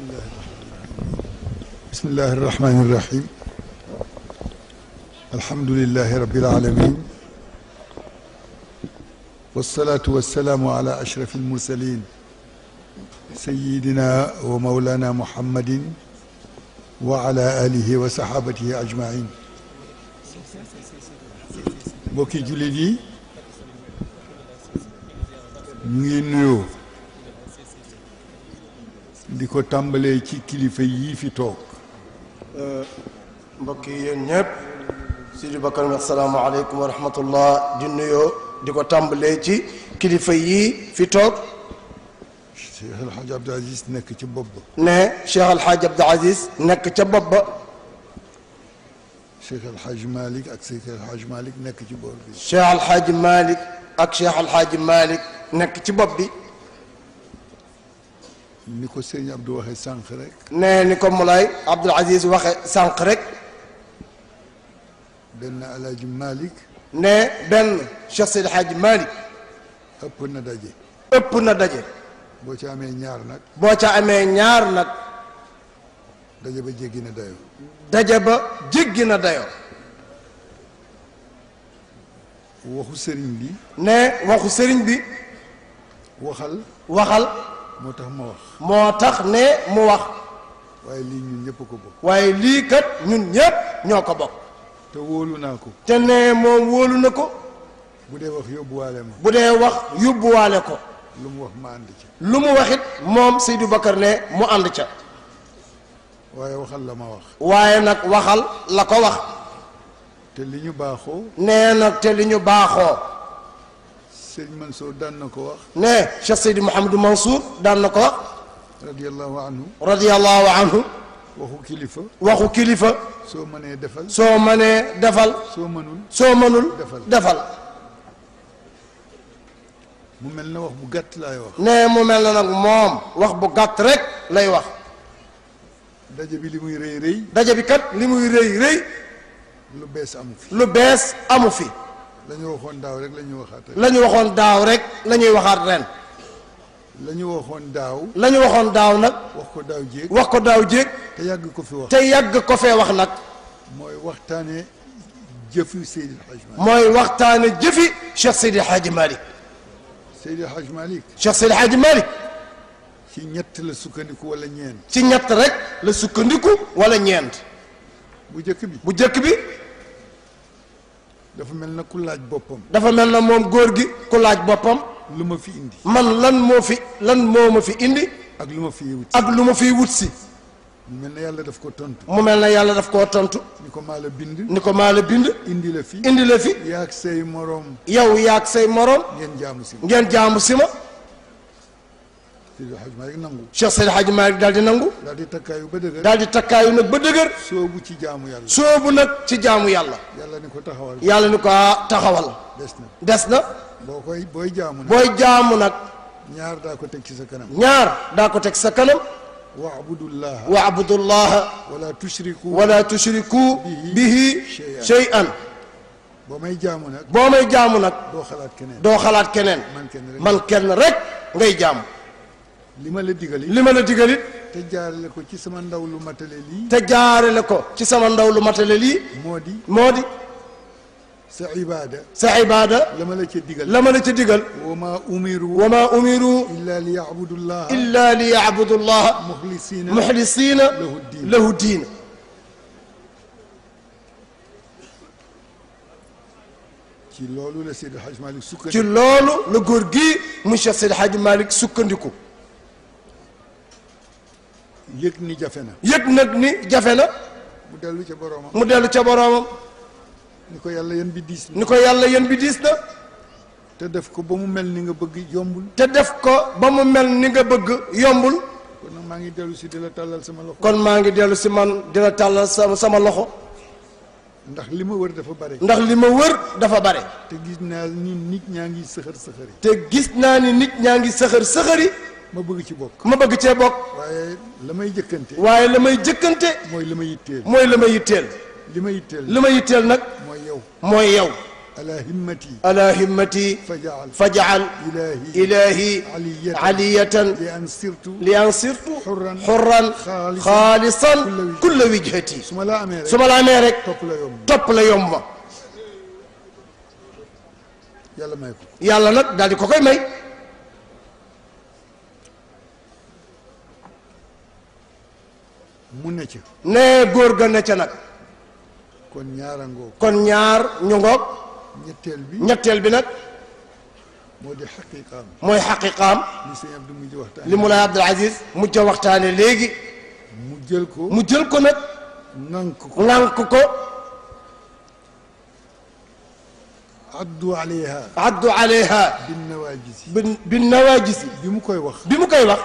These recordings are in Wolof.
بسم الله بسم الله الرحمن الرحيم الحمد لله رب العالمين والصلاة والسلام على أشرف المرسلين سيدنا ومولانا محمد وعلى آله وصحابته أجمعين موكي جوليدي yi ñu li ko tàmbalee ci kilifa yii fi toog mbokk yi yéen ñëpp Sidi Bakar mi asalaamaaleykum wa rahmatullah di nuyoo di ko tàmbalee ci kilifa yii fi toog Cheikh El Hadj Abdou Aziz nekk ci bopp ba ne Cheikh El Hadj Abdou Aziz nekk ca bopp ba Cheikh El Hadj Malick ak Cheikh El Hadj Malick nekk ci bopp bi Cheikh El Hadj Malick ak Cheikh El Hadj Malick nekk ci bopp bi niko seigne Abdou waxe sank rek. ne niko Moulay abdou Aziz waxe sank rek. ben El malik ne ben Cheikh Seydi hadji malik ep na daje. ep na daje. bo ci amé ñaar nak bo ci amé ñaar nak daje ba djegina dayo dayoo. daje ba djegina dayo waxu sëriñ bi. ne waxu sëriñ bi. waxal. waxal. moo tax ma wax. moo tax ne mu wax. waaye lii ñun ñëpp ko bokk. waaye lii kat ñun ñëpp ñoo ko bokk. te wóolu naa ko. te ne moom wóolu na ko. bu dee wax yóbbuwaale ma. bu dee wax yóbbuwaale ko. lu mu wax ma ànd ca. lu mu wax moom Seydou Bakar ne mu ànd ca. waaye waxal la ma wax. waaye nag waxal la ko wax. te li ñu baaxoo. nee nag te li ñu baaxoo. سيد منصور دان نكو واخ نه نعم، شا سيد محمد منصور دان نكو رضي الله عنه رضي الله عنه واخو كليفة واخو كليفة سو مني دفل سو مني دفل سو منول سو منول دفل دفل مو ملنا واخ بو غات لاي واخ نه نعم، مو ملنا نك موم واخ بو غات ريك لاي واخ داجي بي لي موي ري ري داجي بي كات لي ري ري لو امو في لو امو في la ñu waxoon daaw rek la ñuy waxaat ren. la ñu waxoon daaw rek la ñuy waxaat ren. la ñu waxoon daaw. la ñu waxoon daaw nag. wax ko daaw jéeg wax ko daaw jéeg. te yàgg ko fi wax te yàgg ko fee wax nag. mooy waxtaane jëfi Seydi El Hadj Malick. mooy waxtaane jëfi Cheikh Seydi El Hadj Malick. Seydi El Hadj Malick. Cheikh Seydi El Hadj Malick. ci ñett la sukkandiku wala ñeent. ci ñett rek la sukkandiku wala ñeent. bu jëkk bi bu jëkk bi. dafa mel na ku laaj boppam. dafa mel na moom góor gi ku laaj boppam. lu ma fi indi. man lan moo fi lan moo ma fi indi. ak lu ma fi wut si ma fiy wut si. mu mel na yàlla daf ko tontu. mu mel na yàlla daf ko tontu. ni ko maa la bind. ni ko maa la bind. indi la fi indi la fi. yaag say moroom. yow yaag say moroom. ngeen jaamu si ngeen jaamu si ma. Seydi Hadj Malick nangu Cheikh Seydi Hadj Malick daal di nangu daal di takkaayu ba dëgër daal di takkaayu nag ba dëgër soobu ci jaamu yàlla soobu nag ci jaamu yàlla yàlla ni taxawal yàlla ni taxawal des na des na jaamu nag jaamu nag ñaar daa ko teg ci sa kanam ñaar daa ko teg sa kanam واعبدوا الله واعبدوا الله ولا تشركوا ولا تشركوا به, شيئا, شيئا. boo may jaamu nag boo may jaamu nag doo xalaat keneen doo xalaat keneen man kenn rek ngay jaamu li ma te jaarale ko ci sama ndaw lu matale lii te jaarale ko ci sama sa ibaada sa ibaada la ma digal la ma digal wa umiru wa umiru illa li yabudu illa li yabudu llah muxlisina lahu diin ci loolu la Seydi Hadj Malick sukkandiku ci loolu la góor monsieur Seydi Hadj Malick sukkandiku yëg ni jafena. na yëg nag ni jafe na mu dellu ca boroomam mu dellu ca boroomam ni ko yàlla yéen bi diis na ni ko yàlla bi diis na te def ko ba mel ni nga bëgg yombul te def ko ba mel ni nga bëgg yombul kon nag maa ngi dellu si dila talal sama loxo kon maa ngi dellu si man dila talal sama sama loxo ndax lima ma wër dafa bare ndax li ma wër dafa bare te gis naa ni nit ñaa ngi sëxër te gis naa ni nit ñaa ngi sëxër ma bëgg ci bokk ma bëgg cee bokk waaye la may jëkkante waaye la may jëkkante mooy la ma yitteel mooy la ma yitteel li ma yitteel li ma yitteel nag mooy yow mooy yow على همتي على همتي فجعل فجعل إلهي إلهي علية, علية لأن صرت لأن صرت حرا حرا خالصا, خالصا كل وجهتي ثم لا أميرك ثم لا أميرك توب لا يوم يلا ما يكون يلا نك دالي كوكاي ماي mu ne ca nee góor ga ne ca nag kon ñaara ngoog kon ñaar ñu ngoog ñetteel bi ñetteel bi nag moo di xaqiqaam mooy xaqiqaam li mu lay Abdul Aziz mujj a waxtaane léegi mu jël ko mu jël ko nag ŋànk ko ŋànk ko addu koy wax bi mu koy wax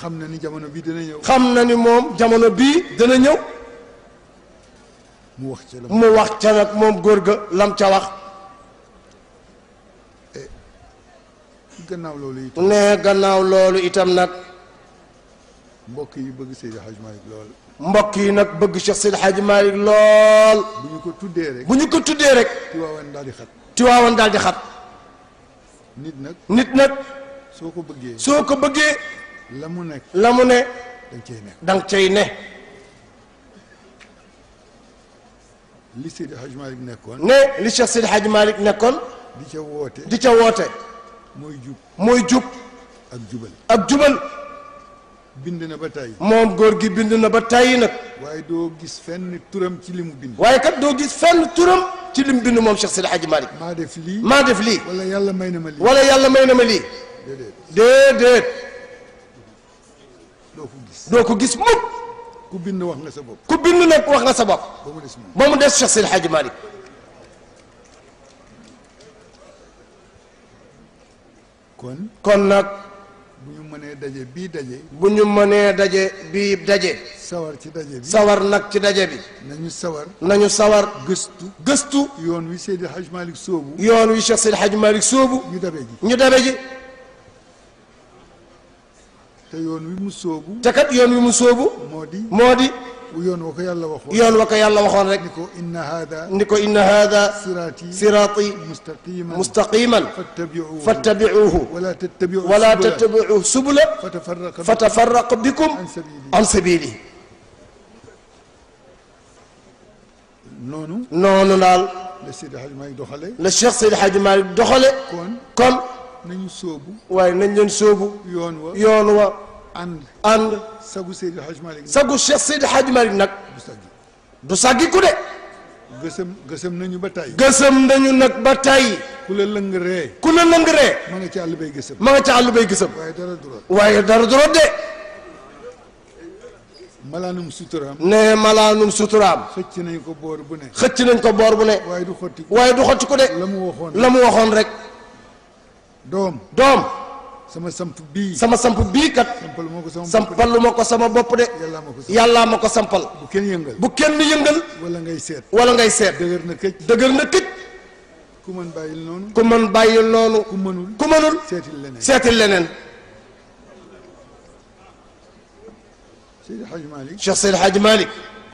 xam na ni jamono bii dana ñëw. xam na ni moom jamono bii dana ñëw. mu wax ca la mu wax ca nag moom góor ga lam ca wax. Eh, gannaaw loolu itam ne gannaaw loolu itam nag. mbokk yi bëgg Seydi Hadj Malick lool. mbokk yi nag bëgg Cheikh Seydi Hadj Malick lool. bu ñu ko tuddee rek bu ñu tuddee rek. Tiwaawan daal di xat. Tiwaawan daal di xat. nit nag nit nag. soo ko bëggee. la mu nekk la mu ne danga cay nekk danga cay ne li Seydi Hadj Malick nekkoon ne li Cheikh Seydi Hadj Malick nekkoon di ca woote di ca woote mooy jub mooy jub ak jubal ak jubal bind na ba tàyyi moom góor gi bind na ba tàyyi nag waaye doo gis fenn turam ci li mu bind waaye kat doo gis fenn turam ci li mu bind moom Cheikh Seydi Hadj Malick maa def lii maa def lii wala yàlla may ma lii wala yàlla may ma lii déedéet déedéet doo ko gis doo ko gis mukk ku bind wax nga sa bopp ku bind nag wax nga sa bopp ba mu des Cheikh Seydi Hadji Malick kon kon nag bu ñu mënee daje bii daje bu ñu mënee daje bii daje sawar ci daje bi sawar nag ci daje bi nañu sawar nañu sawar gëstu gëstu yoon wi Seydi Hadji Malick soobu yoon wi Cheikh Seydi Hadji Malick soobu ñu dabe ji ñu dabe ji te yoon wi mu soobu. te kat yoon wi mu soobu. moo di moo di. yoon wa ko yàlla waxoon yoon wa ko yàlla waxoon rek. ni ko inna haada. ni ko inna haada. siraati siraati. mustaqiman mustaqiman. fattabicuuhu fattabicuuhu. wala tattabicu. wala tattabicu subula. fatafarraqa fatafarraqa bikum. an sabili noonu. noonu daal. la Seydi Hadj Malick doxale. la Cheikh Seydi Hadj Malick doxale. kon kon. nañu soobu. waaye nañ leen soobu. yoon wa yoon wa. أن أن سقو سيد الحج مالك سقو سيد الحج مالك نك دوساجي دوساجي كده قسم قسم نيو بتاي قسم نيو نك بتاي كل لنجرة كل لنجرة ما نتشال بي قسم ما نتشال بي قسم واي دار درود واي دار درود ده ملانم سترام نه ملانم سترام خت نيو كبار بني خت نيو sama samp bii sama samp bii kat. sampalu ma ko sama bopp de. yàllaa ma ko sampal. bu kenn yëngal bu kenn yëngal. wala ngay seet wala ngay seet. dëgër na këj dëgër na këj. ku mën bàyyil noonu. ku mën bàyyil noonu. ku mënul ku mënul. seetil leneen seetil leneen. Seydi Hadj Malick Cheikh Seydi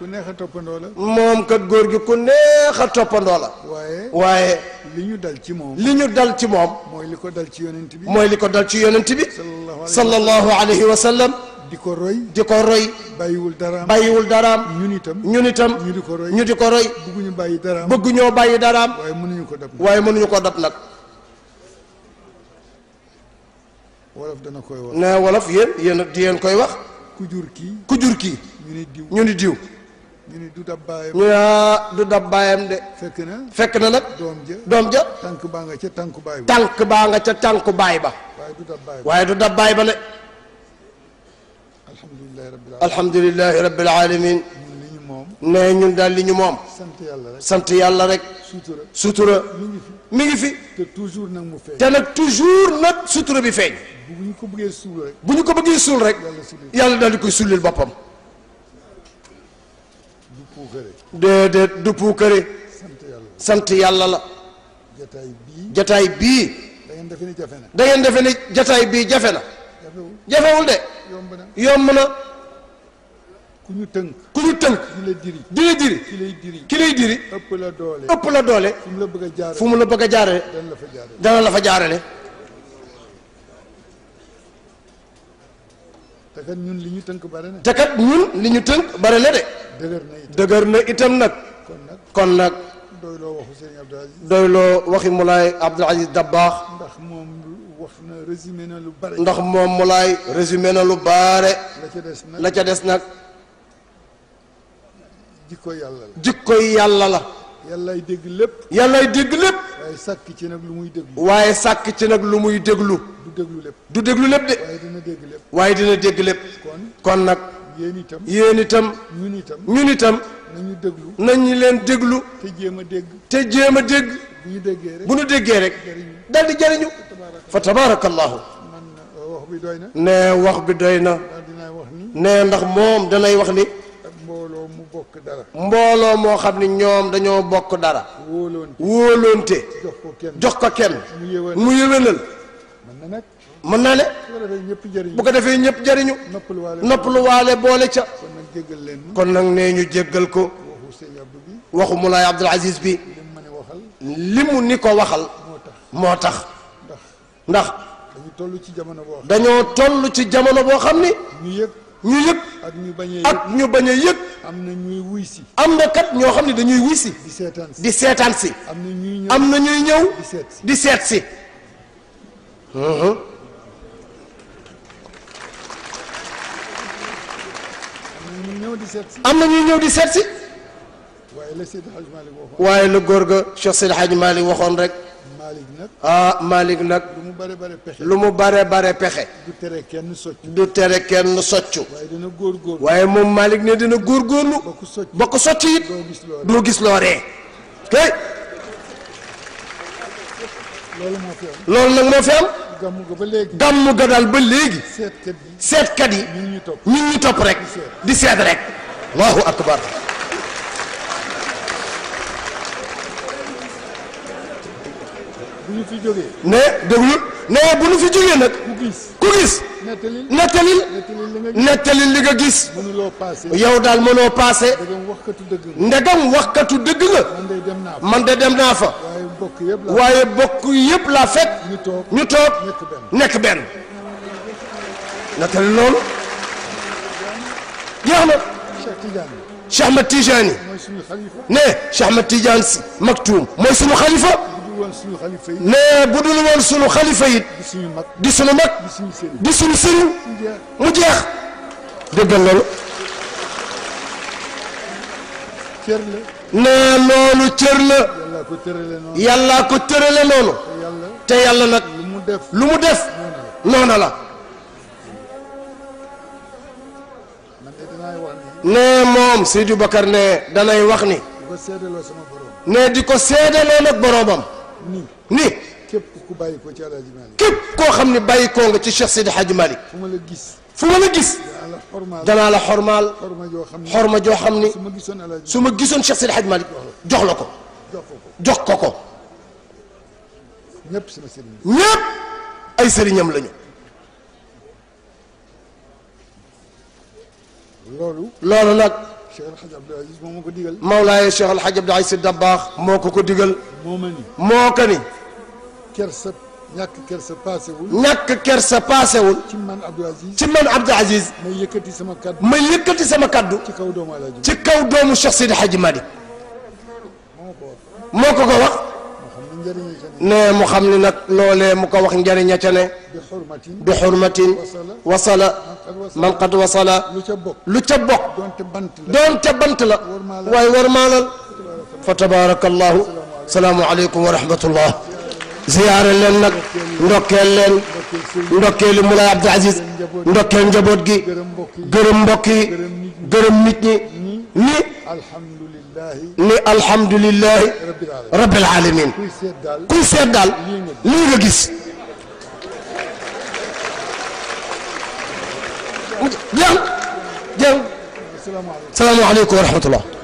ku neex a toppandoo la. moom kat góor gi ku neex a toppandoo la. waaye. waaye. li ñu dal ci moom. li ñu dal ci moom. mooy li ko dal ci yonent bi. mooy li ko dal ci yonent bi. sallallahu alayhi wa sallam. di ko roy di ko roy. bàyyiwul daraam bàyyiwul daraam. ñun itam ñun itam. ñu di ko roy ñu di ko roy. bëgguñu bàyyi daraam bëgguñoo bàyyi daraam. waaye mënuñu ko dab nag waaye mënuñu ko dab nag. wolof dana koy wax. nee wolof yéen yéen di yéen koy wax. ku jur kii ku jur kii. ñu ni diw ñu ni diw. ñu du dab baayam ñu de fekk na fekk na nag tànk baa nga ca tànku baay ba tànk baa nga ca tànku baay ba waaye du dab baay ba waaye alhamdulillah rabbil alamin ne ñun dal li ñu moom sant yàlla rek sutura sutura mi ngi fi mi ngi fi te toujours toujours nag sutura bi feeñ bu ñu ko bëggee suul rek bu ko bëggee suul rek yàlla dal di koy sullil boppam puukare. déedéet du puukare. sant yàlla la. jataay bii. jataay bii. da ngeen defe ni jafe na. da defe ni jataay bii jafe na. jafewul de. yomb na ku ñu tënk. ku ñu tënk. di diri. di la diri. ki lay diri. ki lay diri. ëpp la doole. ëpp la fu mu la bëgg a jaarale. fu mu la bëgg a jaarale. la fa jaarale. dana la jaarale. ñun li ñu tënk bare na. de. dëgër na itam na itam nag. kon nag kon nag. doyloo waxu Serigne Abdoul Aziz. doyloo waxi Moulay ndax moom wax na résumé na lu bare. moom Moulay résumé na lu bare. la ca des nag la ca des nag. jikkoy yàlla la jikkoy yàlla la. yàllaay dégg lépp. yàllaay dégg waaye sàkk ci nag lu muy déglu. waaye sàkk ci lu muy déglu. du déglu lépp. du déglu lépp de. waaye dina dégg lépp. waaye dina dégg kon nag. yéen itam yéen itam ñun itam ñun itam nañu déglu leen déglu te jéem a dégg te jéem a dégg bu ñu déggee rek bu ñu déggee rek daal di jëriñu fa tabaarakallahu uh, wax bi na ne wax bi doy na ne ndax moom danay wax ni mbooloo moo xam ne ñoom dañoo bokk dara wóoloonte jox ko kenn mu yéwénal mën na mën naa ne bu ko defee ñëpp jëriñu noppalu waale boole ca kon nag nee ñu jéggal ko waxu Moulay Abdoul Aziz bi li mu ni ko waxal moo tax ndax dañoo toll ci jamono boo xam ni ñu yëg ak ñu bañ a yëg ak ñu bañ a yëg. am na ñuy wuy si. am na kat ñoo xam ne dañuy wuy si. di seetaan si am na ñuy ñëw am na ñëw. seet di seet si. am na ñuy ñëw di seet si waaye la góor ga Cheikh Seydi Hadji Malick waxoon rek ah Malick nag lu mu bare bare pexe du tere kenn soccu waaye moom Malick ne dina góor ba ko socc it doo gis loo ree kay loolu nag moo fi am gàmmu ga ba léegi. gàmmu ga daal ba léegi. seetkat yi seetkat yi. ñu ngi topp ñu ngi topp rek. di seet rek. allahu akbar. bu ñu fi nee bu nu fi jógee nag ku gis nettalil nettalil li nga gis yow daal mënoo paase ndegam waxkatu dëgg nga man de dem naa fa waaye bokk yépp laa fekk ñu toog nekk benn nettalil loolu jeex na Cheikh Ahmed Tidiane ne Cheikh si Maktoum mooy sunu xalifa nee bu dul woon sunu xalifa yi di sunu mag di sunu sëriñ mu jeex dëggal loolu. nee loolu cër la yàllaa ko tërale noonu te yàlla nag lu mu def noona la nee moom Seydou Bakar ne danay wax ni nee di ko seedaloo nag boroomam ni ni képp ku bàyyi ko ci El Hadj Malick. képp koo xam ne bàyyi koo nga ci Cheikh Seydi Hadj Malick. fu ma la gis. fu ma la gis. danaa la xormaal. xorma joo xam ne xorma joo xam ne. su ma gisoon El Hadj su ma gisoon Cheikh Seydi Hadj Malick jox la ko. jox ko ko jox ko ko. ñëpp sama sëriñ. ñëpp ay sëriñam lañu. loolu. loolu nag. مولاي الشيخ الحاج عبد العزيز الدباخ موكو كو ديغل موكني كيرس ياك كيرس باسيول ياك كيرس باسيول تيمان عبد العزيز ما يكتي سما كادو ما يكتي سما كادو تي كاو دومو الشيخ سيدي حاج مالك موكو nee mu xam ni nag loolee mu ko wax njëriña ca ne bi xurmatin wasala man qad wasala lu ca bokk doonte bant la waaye war maalal fa tabaraka allahu salaamu aleykum wa rahmatullah ziyaare leen nag ndokkeel leen ndokkeeli Moulay Abdou Aziz ndokkeel njaboot gi gërëm mbokk yi gërëm nit ñi ni ni alhamdulilahi rabbil alamin kuy seet daal lii nga gis jeex jeex salaamaaleykum wa rahmatullah